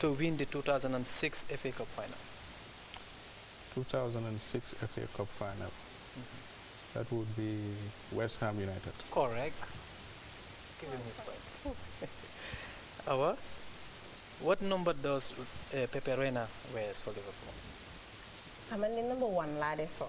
to win the 2006 FA Cup final? 2006 FA Cup final. Mm -hmm. That would be West Ham United. Correct. Give him his point. Our, what number does uh, Pepe Reina wears for Liverpool? I'm only number one, lad, so.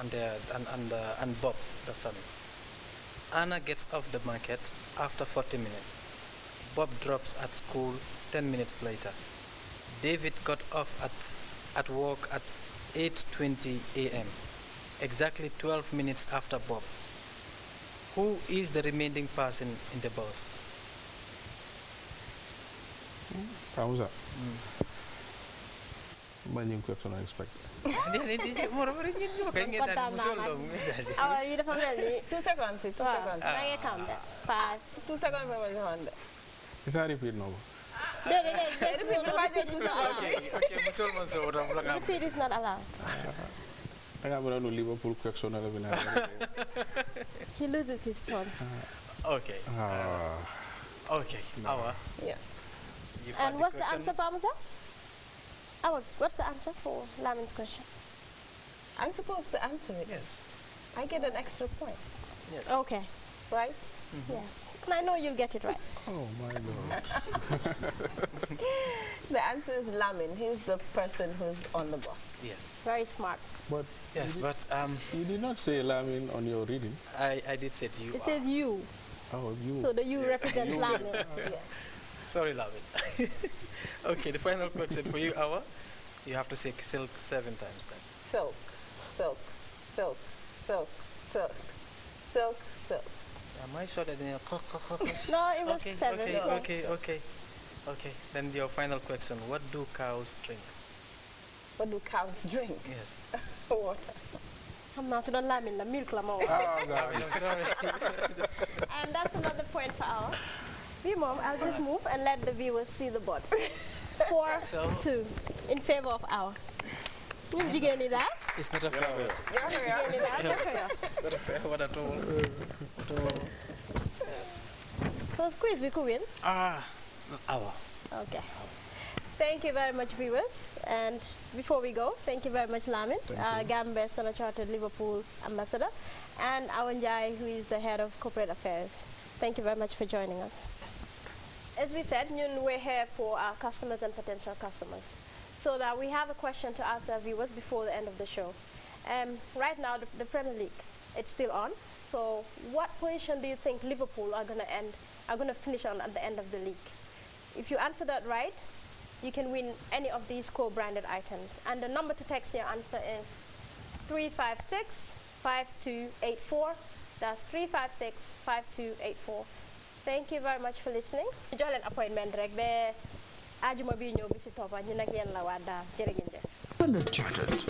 and, their, uh, and, and, uh, and Bob, the son. Anna gets off the market after 40 minutes. Bob drops at school 10 minutes later. David got off at, at work at 8.20 a.m., exactly 12 minutes after Bob. Who is the remaining person in the bus? Pausa. Mm. Mali yung question I expect. Hindi, hindi. Mura pa rin yun. Kaya nga dahil musulong. Awa, yun na pamili. Two seconds. Two seconds. Nangya count. Five. Two seconds naman yung handa. Isa repeat na ko. No, no, no. Just repeat. Repeat is not allowed. Okay, okay. Musul man so. Repeat is not allowed. Taka mo na no Liverpool eh, question na labi na. He loses his tone. Okay. okay. Awa. Yeah. And what's the answer, Pamasa? Oh, what's the answer for Lamin's question? I'm supposed to answer it. Yes. I get an extra point. Yes. Okay. Right? Mm -hmm. Yes. I know you'll get it right. oh, my lord. the answer is Lamin. He's the person who's on the bus. Yes. Very smart. But yes, but um, you did not say Lamin on your reading. I, I did say to you. It are. says you. Oh, you. So the you yeah. represents Lamin. Yeah. Sorry, Lavin. okay, the final question for you, Awa. You have to say silk seven times then. Silk, silk, silk, silk, silk, silk, silk. Am I sure that they No, it was okay, seven. Okay, though. okay, okay. Okay, then your final question. What do cows drink? What do cows drink? Yes. Water. I'm not on lamb in the milk, Lamar. Oh, no. I'm sorry. and that's another point for our you, Mom. I'll just move and let the viewers see the board. Four, so two, in favor of our. Did you get any that? It's not a fair word. Yeah, yeah. Did you get any that? It's not a fair word at all. So squeeze, we could win. Ah, uh, hour. Okay. Thank you very much, viewers. And before we go, thank you very much, Lamin, uh, Gambest and Chartered Liverpool Ambassador, and Awanjai, who is the head of corporate affairs. Thank you very much for joining us as we said, we're here for our customers and potential customers. So that we have a question to ask our viewers before the end of the show. Um, right now, the, the, Premier League, it's still on. So what position do you think Liverpool are going to end, are going to finish on at the end of the league? If you answer that right, you can win any of these co-branded items. And the number to text your answer is 356-5284. That's 356-5284 thank you very much for listening jox appointment rek ba ajuma bi ñëw bi la waa jërë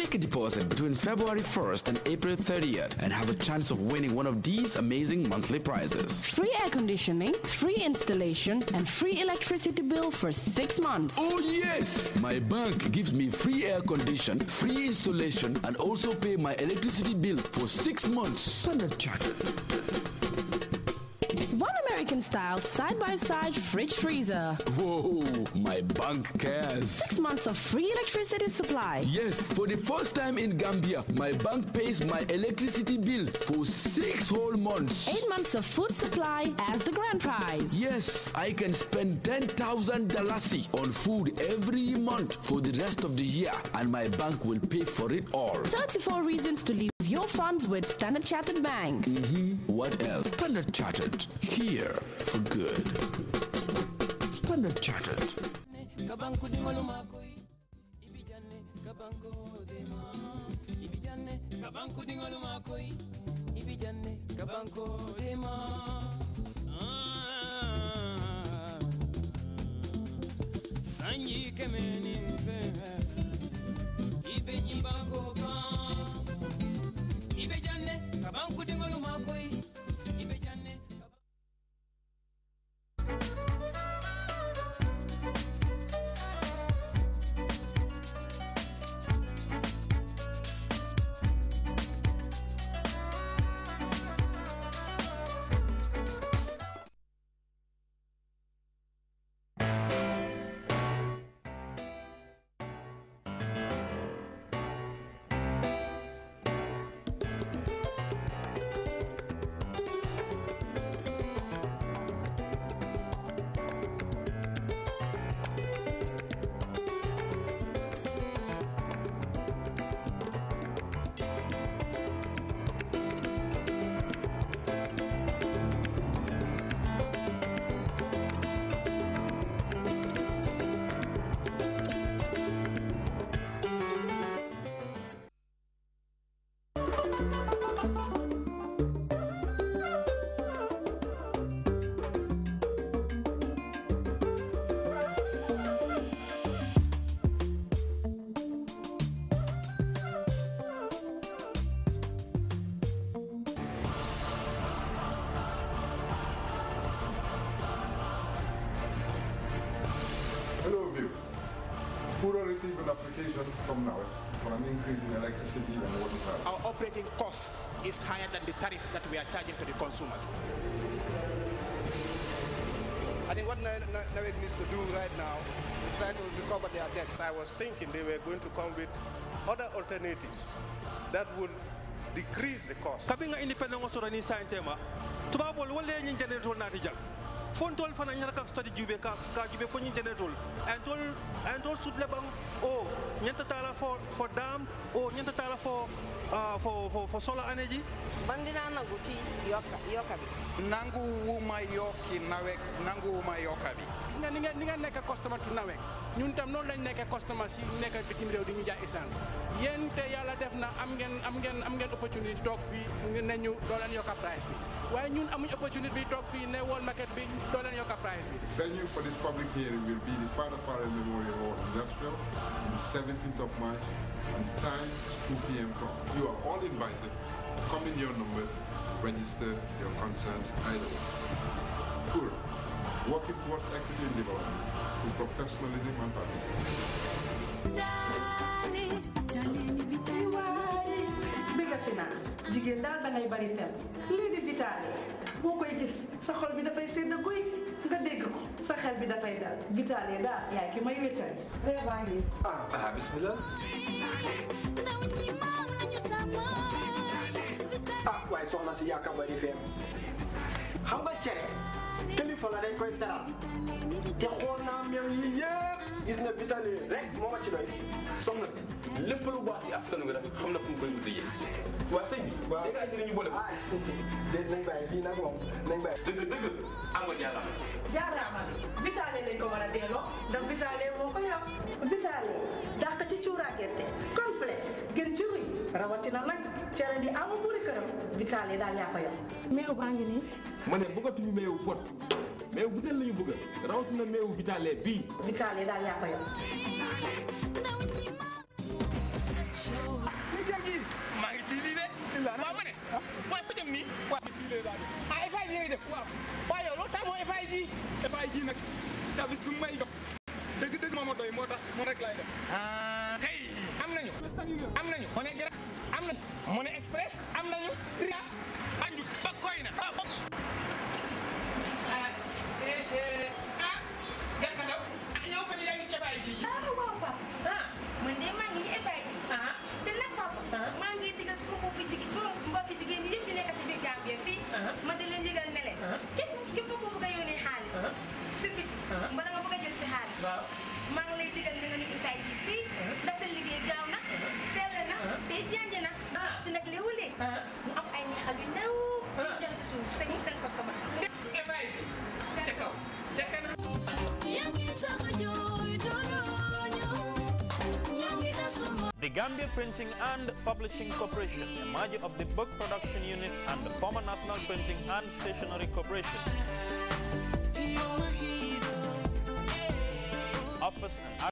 Make a deposit between February 1st and April 30th and have a chance of winning one of these amazing monthly prizes. Free air conditioning, free installation and free electricity bill for 6 months. Oh yes! My bank gives me free air condition, free installation and also pay my electricity bill for 6 months. Standard Chartered. American-style side-by-side fridge freezer. Whoa, my bank cares. Six months of free electricity supply. Yes, for the first time in Gambia, my bank pays my electricity bill for six whole months. Eight months of food supply as the grand prize. Yes, I can spend 10,000 dalasi on food every month for the rest of the year and my bank will pay for it all. 34 reasons to leave your funds with Standard Chartered Bank. Mm-hmm. What else? Standard Chartered. Here for good. Standard Chartered. receive an application from now for an increase in electricity and water tariff. Our operating cost is higher than the tariff that we are charging to the consumers. I think what NAWEG needs to do right now is try to recover their debts. I was thinking they were going to come with other alternatives that would decrease the cost. tema. wala fontol fana nyar ka stade jube ka ka jube fo ñu nyi tol en tol en tol le bang o oh, ñenta tala fo fo dam o oh, ñenta tala fo uh, for, for, for solar energy? Bandina yoka Nangu wuma yoki nawek nangu wuma customer tu nawek. customer si bitim di essence. price bi. amuñ bi ne market bi price bi. Venue for this public hearing will be the Father Father Memorial 17th of March, and the time is 2 p.m. You are all invited to come in your numbers and register your concerns either way. Cool. Working towards equity and development through professionalism and participation. Bigger tonight. Jigenda da ngay bari fel. Lady Vitale. boo koy gis sa xol bi dafay sedd guy nga dégg ko sa xel bi dafay daal vitale daal yaay ki may wéttali reebaa ngi ah, ah bismillah ah waaye soxna si yaakaar bari feem xam nga cere kilifa la dañ koy taral te xool naa meew gis nga vitamine rek moo ma ci doy soxna si lépp lu baax si askan wi rek xam na fu mu koy uti yéen. waaw sëñ bi. waaw dégg nga ay ñu boole ko. ah déedéet nañ bàyyi lii nag moom nañ bàyyi. dëgg dëgg amoo jaaraama. jaaraama vitale lañ ko war a delloo ndax vitale moo ko yor. vitale dàq ci cuuraa gerte cornflakes gën ci ruy rawatina nag cere di amu buri këram vitale daal yaa ko yor. meew baa ngi nii. ma ne bëggatuñu meew pot. meew bu teel la ñu bëgg rawatina meewu vitale bii. vitale daal yaa a maa ngi ciy lii de. waaw ma ne. Ah. waaye fa jëm nii. waaw fii lay daal ah FAI def. waaw waaye yow loolu tax moo FAI ji. nag service bi ma doy moo tax moom rek laay def. ah tey am nañu. am nañu. am nañu. mu ne am na mu express. Gambia Printing and Publishing Corporation, a merger of the Book Production Unit and the former National Printing and Stationery Corporation. Office and